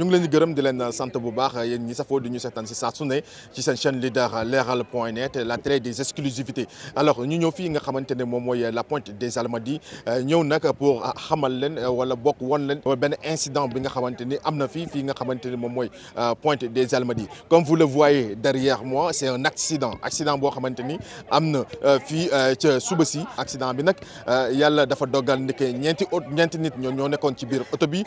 ñu ngi leen di gërëm di leen sant bu baax yéen ñi safoo di ñu seetaan si saa su ne ci seen chaîne leader leeral point net la télé des exclusivités alors ñu ñëw fii nga xamante moom mooy la pointe des Almadies ñëw nag pour xamal leen wala bokk woon leen benn incident bi nga xamante ni am na fii fii nga xamante ni moom mooy euh, pointe des Almadies comme vous le voyez derrière moi c' est un accident accident boo xamante ni am na euh, fii euh, ca suba si accident bi nag yàlla dafa dogal ni que ñeenti ñeenti nit ñoo ñoo nekkoon ci biir oto bi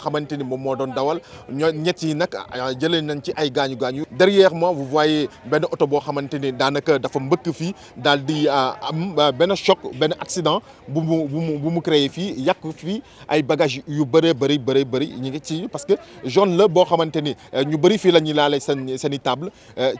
xamante ni moom moo doon dawal ñoo ñett yi nag ah, jëlee nañ ci ay gaañu gaañu. derrière moi vous voyez benn oto boo xamante ni daanaka dafa mbëkk fii daal di ah, am ah, benn choc benn accident bu mu bu mu bu mu créé fii yàq fii ay bagages yu bëree bëri bëri bëri ñu ngi ci parce que zone la boo xamante ni ñu bëri fii la ñuy laale seen seen i table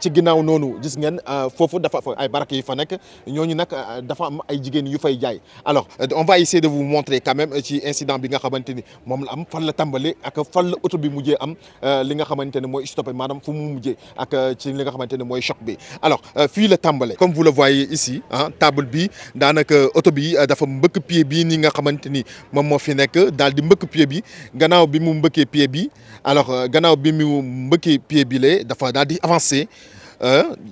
ci ginnaw noonu gis ngeen foofu dafa ay barak yi fa nekk ñooñu nag dafa am ay jigéen yu fay jaay alors on va essayer de vous montrer quand même ci incident bi nga xamante moom la am fan tàmbali ak fan la oto bi mujjee am euh, li nga xamante ne mooy stoppé maanaam fu mu mujjee ak euh, ci li nga xamante ne mooy choc bi alors euh, fii la tàmbale comme vous le voyez ici table bi daanaka oto bi dafa mbëkk pied bi ni nga xamante ni moom moo fi nekk daal di mbëkk piye bi gannaaw bi mu mbëkkee pied bi alors gannaaw bi mu mbëkkee pied bi lee dafa daal di avancé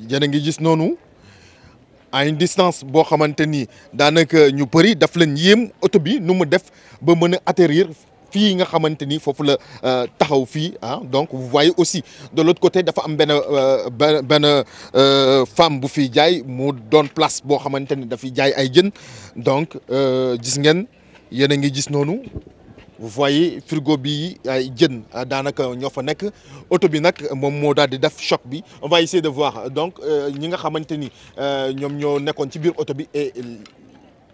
yéen a ngi gis noonu à une distance boo xamante ni daanaka ñu bëri daf lañ yéem oto bi nu mu def ba mën a atterrir fii nga xamante ni foofu la euh, taxaw fii ah donc vous aussi de l'autre côté dafa am benn euh, benn euh, femme bu fi jaay mu doon place boo xamante ni dafiy jaay ay jën donc gis ngeen yéen a ngi gis noonu vous voyez frigo bi ay jën ah, daanaka ñoo fa nekk oto bi nag moom moo daal di def choc bi on va essayer de voir donc ñi nga xamante ni ñoom ñoo nekkoon ci biir auto bi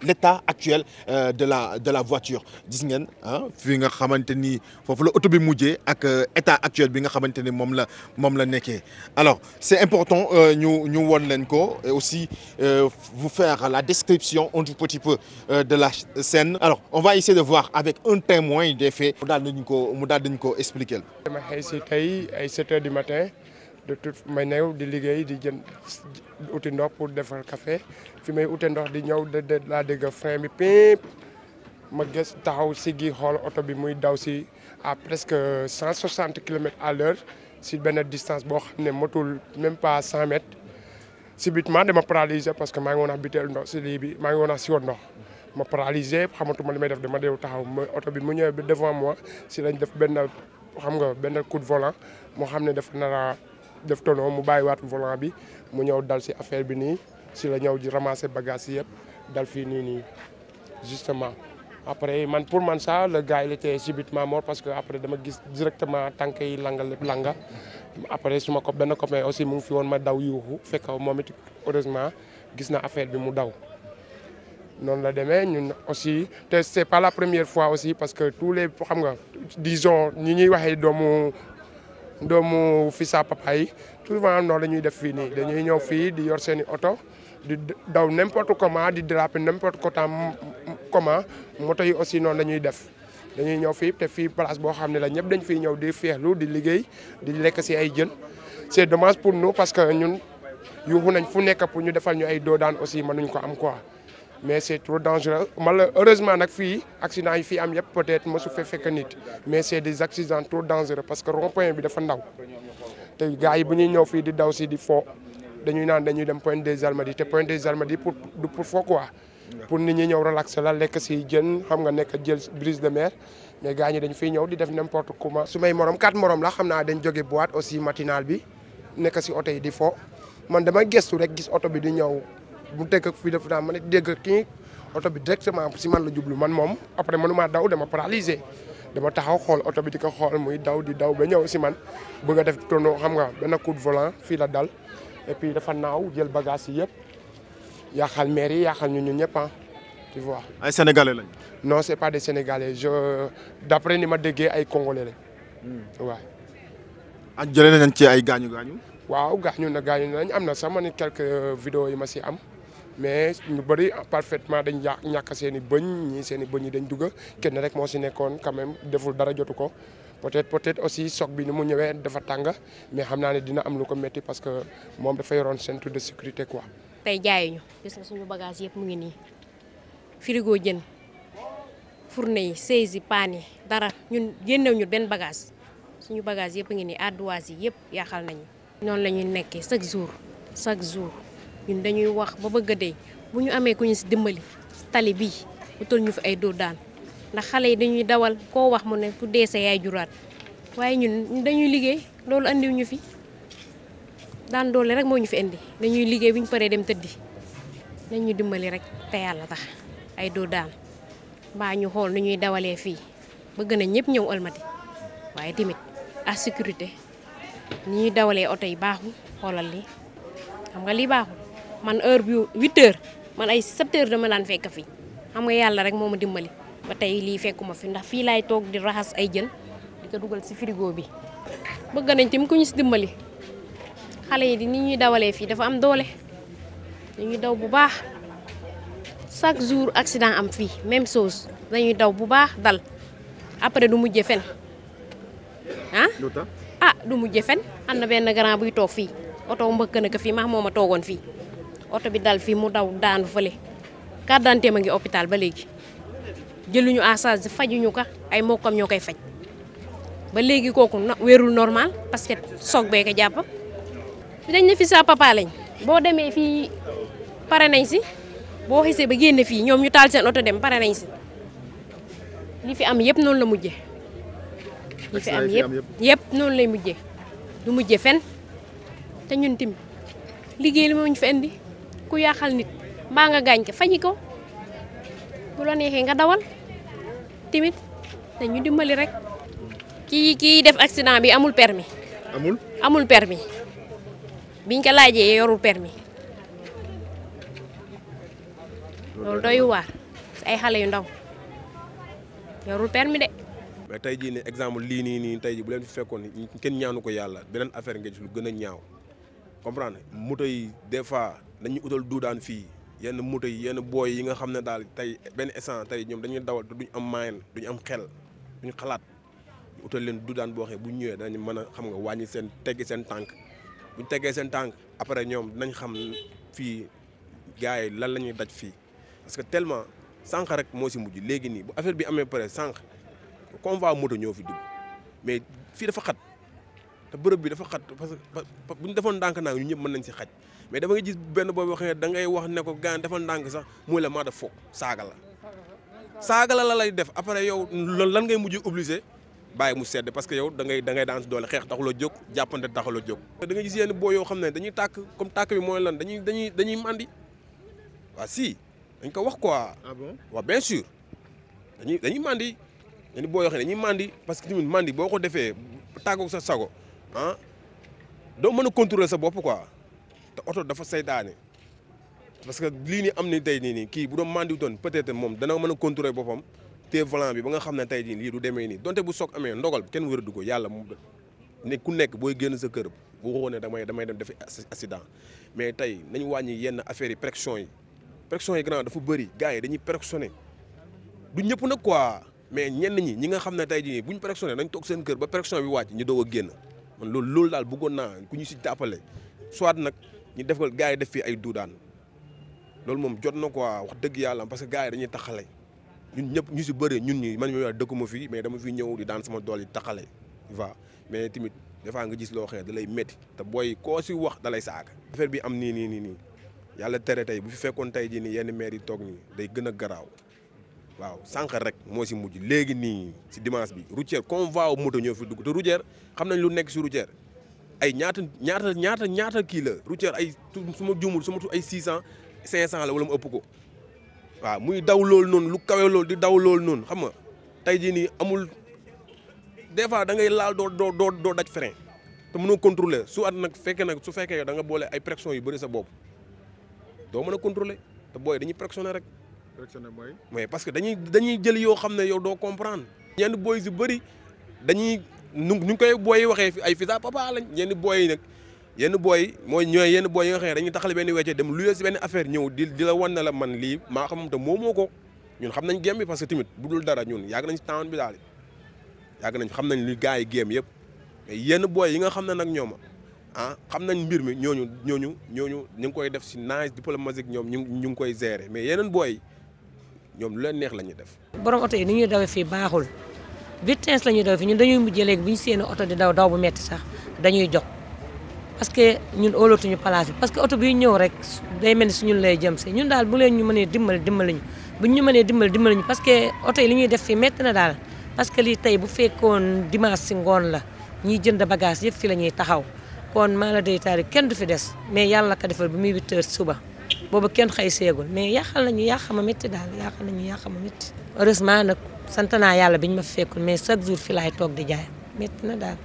l'état actuel euh, de la de la voiture gis ngeen ah fii nga xamante ni foofu la oto bi mujjee ak euh, état actuel bi nga xamante ni moom la moom la nekkee alors c'est important euh, ñu ñu won leen ko et aussi euh, vous faire la description un tout petit peu euh, de la scène alors on va essayer de voir avec un témoin des mu daal dañu ko mu daal dañu ko expliquer. dama xëy ay 7 heures du di tut may new di liggéey di jën uti ndox pour def café fi may ute ndox di ñëw de de laa dégg frein bi piip ma gës taxaw si gi xool oto bi muy daw si à presque cent soixante kilomètres à l'heure si benn distance boo xam ne motul même pas cent mètres subitement dama paralysé parce que maa ngi woon ax biteel ndox si lii bi maa ngi woon ax si woon ndox ma paralysé xamatuma li may def dama deew taxaw ma oto bi mu ñëwee devant moi si lañ def benn xam nga benn coup de volant moo xam ne dafa nara def tonneau mu bàyyiwaat volant bi mu ñëw dal si affaire bi nii si la ñëw ji ramasser bagage yi yëpp dal fii nii nii justement après man pour man ça le gars il était subitement mort parce que après dama gis directement tànk yi langa lépp langa après suma ko benn copain aussi mu fi woon ma daw yuuxu fekk moom it heureusement gis na affaire bi mu daw noonu la demee ñun aussi te c'est pas la première fois aussi parce que tous les xam nga disons ñi ñuy wa doomu doomu fi sa papa yi souvent noonu la ñuy def fii nii dañuy ñëw fii di yor seen i oto di daw n'importe comment di déraper n'importe comment moto yi aussi noonu lañuy def dañuy ñëw fii te fii place boo xam ne la ñëpp dañ fiy ñëw di feexlu di liggéey di lekk si ay jën c'est dommage pour nu parce que ñun yuuxu nañ fu nekk pour ñu defal ñu ay doo daan aussi mënuñ ko am quoi mais c' est trop dangereux malheureusement nag fii accident yi fii am yëpp peut être mosu fee fekk nit mais c' est des accidents trop dangereux parce que rond point bi dafa ndaw te gars yi bu ñuy ñëw fii di daw si di fo dañuy naan dañuy dem point des Almadies te Pointe des Almadies pour pour fo quoi. pour nit ñi ñëw relaxé la lekk si jën xam nga nekk jël brise de mer mais gars ñi dañ fiy ñëw di def n'importe comment. su may morom quatre morom la xam naa dañ joge boîte aussi matinal bi nekk si oto yi di fo man dama gëstu rek gis oto bi di ñëw. bu teg ak fii def naa mën a dégg kii oto bi directement si man la jublu man moom après mënumaa daw dama paralysé dama taxaw xool oto bi di ko xool muy daw di daw ba ñëw si man bëgg a def tono xam nga benn na de volant fii la dal et puis dafa naaw jël bagage yi yëpp yaaxal maire yi yaaxal ñu ñun ñëpp ah tu vois. ay sénégalais lañ. non c'est pas de sénégalais je d'après ni ma déggee ay congolais lañ. waaw. Hmm. Ah, jëlee nañ ci ay gaañu gaañu. waaw gaañu na gaañu nañ am na sax man quelques video yi ma si am. mais ñu bëri parfaitement dañ yàq ñàkk seen i bëñ ñii seen bëñ yi dañ dugg kenn rek moo si nekkoon quand même deful dara jotu ko peut-être peut-être aussi choc bi ni mu ñëwee dafa tàng mais xam naa ne dina am lu ko métti parce que moom dafa yoroon centre de sécurité quoi. tey jaayuñu gis nga suñu bagage yëpp mu ngi nii frigo jën fourne yi seize yi paan dara ñun génnew ñu benn bagage suñu bagage yëpp ngi nii ardoise yi yëpp yàqal nañu. noonu la ñuy nekkee chaque jour chaque jour. ñun dañuy wax ba bëgg a dee bu ñu amee ku ñu si dimbali tali bii utal ñu fi ay dóor daan ndax xale yi dañuy dawal koo wax mu ne ku dee sa yaay juraat waaye ñun dañuy liggéey loolu andiw ñu fi daan doole rek moo ñu fi indi dañuy liggéey bu ñu paree dem tëddi ñu dimbali rek te yàlla tax ay doo daan mbaa ñu xool nu ñuy dawalee fii bëgg na ñëpp ñëw Almadi waaye timit à sécurité ni ñuy dawalee oto yi baaxul xoolal lii xam nga lii baaxul. man heure bi huit heures man ay sept heures dama daan fekk fi xam nga yàlla rek moom ma dimbali ba tey lii fekkuma fi ndax fii laay toog di raxas ay jën di ko dugal si frigo bi. bëgg nañ tamit ku ñu ci dimbali xale yi di ni ñuy dawalee fii dafa am doole dañuy daw bu baax chaque jour accident am fii même chose dañuy daw bu baax dal après du mujje fen ah. ah du mujje fen am na benn grand buy toog fii oto mbëkk na ko fii max moom ma toogoon fii. oto bi dal fii mu daw daanu fële carte d'identité ma ngi hôpital ba léegi jëluñu en charge fajuñu ko ay mbokkam ñoo koy faj ba léegi kooku wérul normal parce que soog bee ko jàpp dañ ne fi sa papa boo demee fii pare nañ si boo xisee ba génn fii ñoom ñu taal seen oto dem pare nañ si li fi am yëpp noonu la mujje li fi am yëpp noonu lay mujje du mujje fen te ñun tim liggéey li moo ñu fi indi ku yaaxal nit mbaa nga gaañ ki faji ko bu la neexee nga dawal timit dañu dimbali rek kii kii def accident bi amul permi amul amul permi biñ ko laajee yorul permis loolu doy waar ay xale yu ndaw yorul permis de. mais tey jii nii exemple lii nii nii tey jii bu leen fi fekkoon kenn ñaanu ko yàlla beneen affaire nga gis lu gën ñaaw comprendre moto yi des fois. dañuy utal du daan fii yenn moto yi yenn booy yi nga xam ne daal tey benn essence tey ñoom dañuy dawal te duñ am moyen duñ am xel duñ xalaat ñu utal leen duudaan boo xam bu ñu ñëwee danañ mën a xam nga wàññi seen teggi seen tànk buñ teggee seen tànk après ñoom dinañ xam fii gars yi lan la ñuy daj fii parce que tellement sànq rek moo si mujj léegi nii bu affaire bi amee pare sànq convoi moto ñoo fi dugg mais fii dafa xat te bërëb bi dafa xat parce que bu ñu defoon ndànk naa ñu ñëpp mën nañ si xaj mais dama nga gis benn boobu waxee da ngay wax ne ko gaan dafa ndànk sax muy la maa def foog saaga la saaga la la lay def après yow lan ngay mujj obligé bàyyi mu sedd parce que yow da ngay da ngay daan si doole xeex taxuloo jóg jàppante taxuloo jóg da nga gis yenn boo yoo xam ne dañuy tàkk comme tàkk bi mooy lan dañuy dañuy dañuy màndi waaw si dañ ko wax quoi ah waaw bien sûr dañuy dañuy màndi yenn boo yoo xam dañuy màndi parce que tamit màndi boo ko defee tàggoog sa sago ah doo mën a contrôler sa bopp quoi te oto dafa saytaane parce que lii nii am ni tey nii nii kii bu doon mandiwutoon peut-être moom dana mën a contrôler boppam te volant bi ba nga xam ne tey jii lii demee nii donte bu soog amee ndogal kenn wëradu ko yàlla mu ne ku nekk booy génn sa kër bu waxoo ne damay damay dem def accident mais tey nañu wàññi yenn affaire yi pression yi pression yi grand dafa bëri gars yi dañuy pressionné du ñëpp nag quoi mais ñenn ñi ñi nga xam ne tey jii buñ pressionné dañ toog seen kër ba pression bi wàcc ñu doog a génn man loolu loolu daal bëggoon naa ku ñu si jàppale soit nag ñu def ko gars yi def fii ay duudaan loolu moom jot na quoi wax dëgg yàlla parce que gars yi dañuy taxale ñun ñëpp ñu si bëri ñun ñi man ñoo dëkkuma fii mais dama fi ñëw di daan sama dool yi taxale va mais tamit des fois nga gis loo xee da lay métti te booy koo si wax dalay lay saaga affaire bi am nii nii nii nii yàlla tere tey bu fi fekkoon tey jii nii yenn maire yi toog nii day gën a garaaw waaw sànq rek moo si mujj léegi nii si dimanche bi routière convoi wu moto ñoo fi dugg te routière xam nañ lu nekk si routière ay ñaata ñaata ñaata ñaata kii la routière ay su ma juumul su ma ay 600 500 la wala mu ëpp ko waaw muy daw loolu noonu lu kawee loolu di daw lool noonu xam nga tey jii nii amul des fois da laal doo doo doo doo daj frein te mënoo contrôler su at nag fekkee nag su fekkee da nga boole ay pression yu bëri sa bopp doo mën a contrôler te booy dañuy pressionné rek. correctionnel mooy. mais parce que dañuy dañuy jël yoo xam ne yow doo comprendre. ñenn booy yu bëri dañuy nu ñu koy booy waxee ay fisa papa lañ ñenn booy yi nag yenn booy yi mooy ñooy yenn booy yi nga xam ne dañuy taxale benn wecce dem luye si benn affaire ñëw di di la wan ne la man lii maa xam te moomoo ko ñun xam nañ game bi parce que tamit bu dul dara ñun yàgg nañ si temps bi daal yàgg nañ xam nañ li gars yi game yëpp mais yenn booy yi nga xam ne nag ñoom ah xam nañ mbir mi ñooñu ñooñu ñooñu ñu ngi koy def si nice diplomatique ñoom ñu ñu ngi koy gérer mais yeneen booy ñoom lu leen neex la ñuy def. borom oto yi ni ñuy dawee fii baaxul vitesse la ñuy dawee fii ñun dañuy mujjee léegi bu ñu seen oto di daw daw bu metti sax dañuy jox parce que ñun óolootuñu place bi parce que oto bi ñëw rek day mel ni suñu lay jëm si ñun daal bu leen ñu mënee dimbali dimbali ñu bu ñu mënee dimbali dimbali ñu parce que oto yi li ñuy def fii metti na daal parce que lii tey bu fekkoon dimanche si ngoon la ñiy jënd bagage yëpp fii la ñuy taxaw kon maa la day taari kenn du fi des mais yàlla ka defal bu muy 8 heures suba. booba kenn xëy seegul mais yàqal nañu yàq ma métti daal yàqal nañu yàq ma métti heureusement nag sant naa yàlla bi ñu ma fekkul mais chaque jour fi laay toog di jaay métti na daal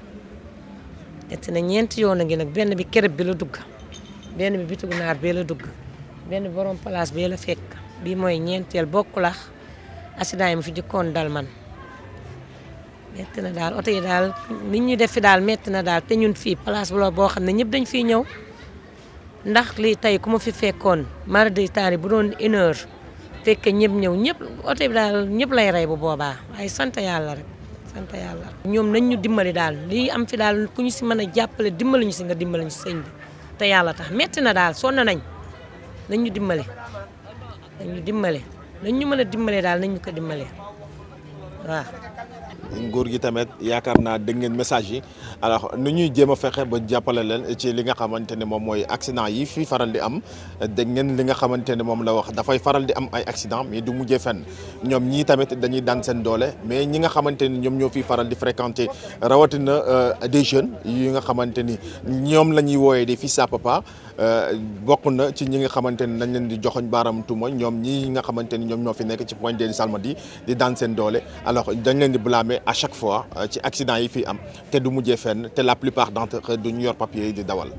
métti na ñeenti yoon a ngi nag benn bi kereb bi la dugg benn bi bitigu naar bee la dugg benn bi borom place bee la fekk bi mooy ñeenteel bokkulax accident yi ma fi jëkkoon dal man metti na daal oto yi daal nit ñi def fi daal metti na daal te ñun fii place bu la boo xam ne ñëpp dañ fiy ñëw ndax lii tey ku ma fi fekkoon mara day taari bu doon une heure fekke ñëw ñëpp oto bi daal ñëpp lay rey bu boobaa waaye sant yàlla rek sant yàlla ñoom nañ ñu dimbali daal lii am fi daal ku ñu si mën a jàppale dimbali ñu si nga dimbali ñu si sëñ bi te yàlla tax metti na daal sonn nañ nañ ñu dimbali nañ ñu dimbali mën a dimbali daal nañ ñu ko dimbali waaw nguur gi tamit yaakaar naa dégg ngeen message yi alors nu ñuy jéem a fexe ba jàppale leen ci li nga xamante ne moom mooy accident yi fii faral di am dégg ngeen li nga xamante ne moom la wax dafay faral di am ay accident mais du mujjee fenn ñoom ñii tamit dañuy daan seen doole mais ñi nga xamante ni ñoom ñoo fii faral di fréquenter rawatina euh, des jeunes yi nga xamante ni ñoom la ñuy wooyee des fils à Euh, bokk na ci ñi nga xamante ni nañ leen di joxoñ baaram tuuma ñoom ñi nga xamante ni ñoom ñoo fi nekk ci Pointe des Almadies di daan seen doole alors dañ leen di blâmer à chaque fois euh, ci accident yi fi am te du mujjee fenn te la plupart d'entre eux duñu yor papier yi di dawal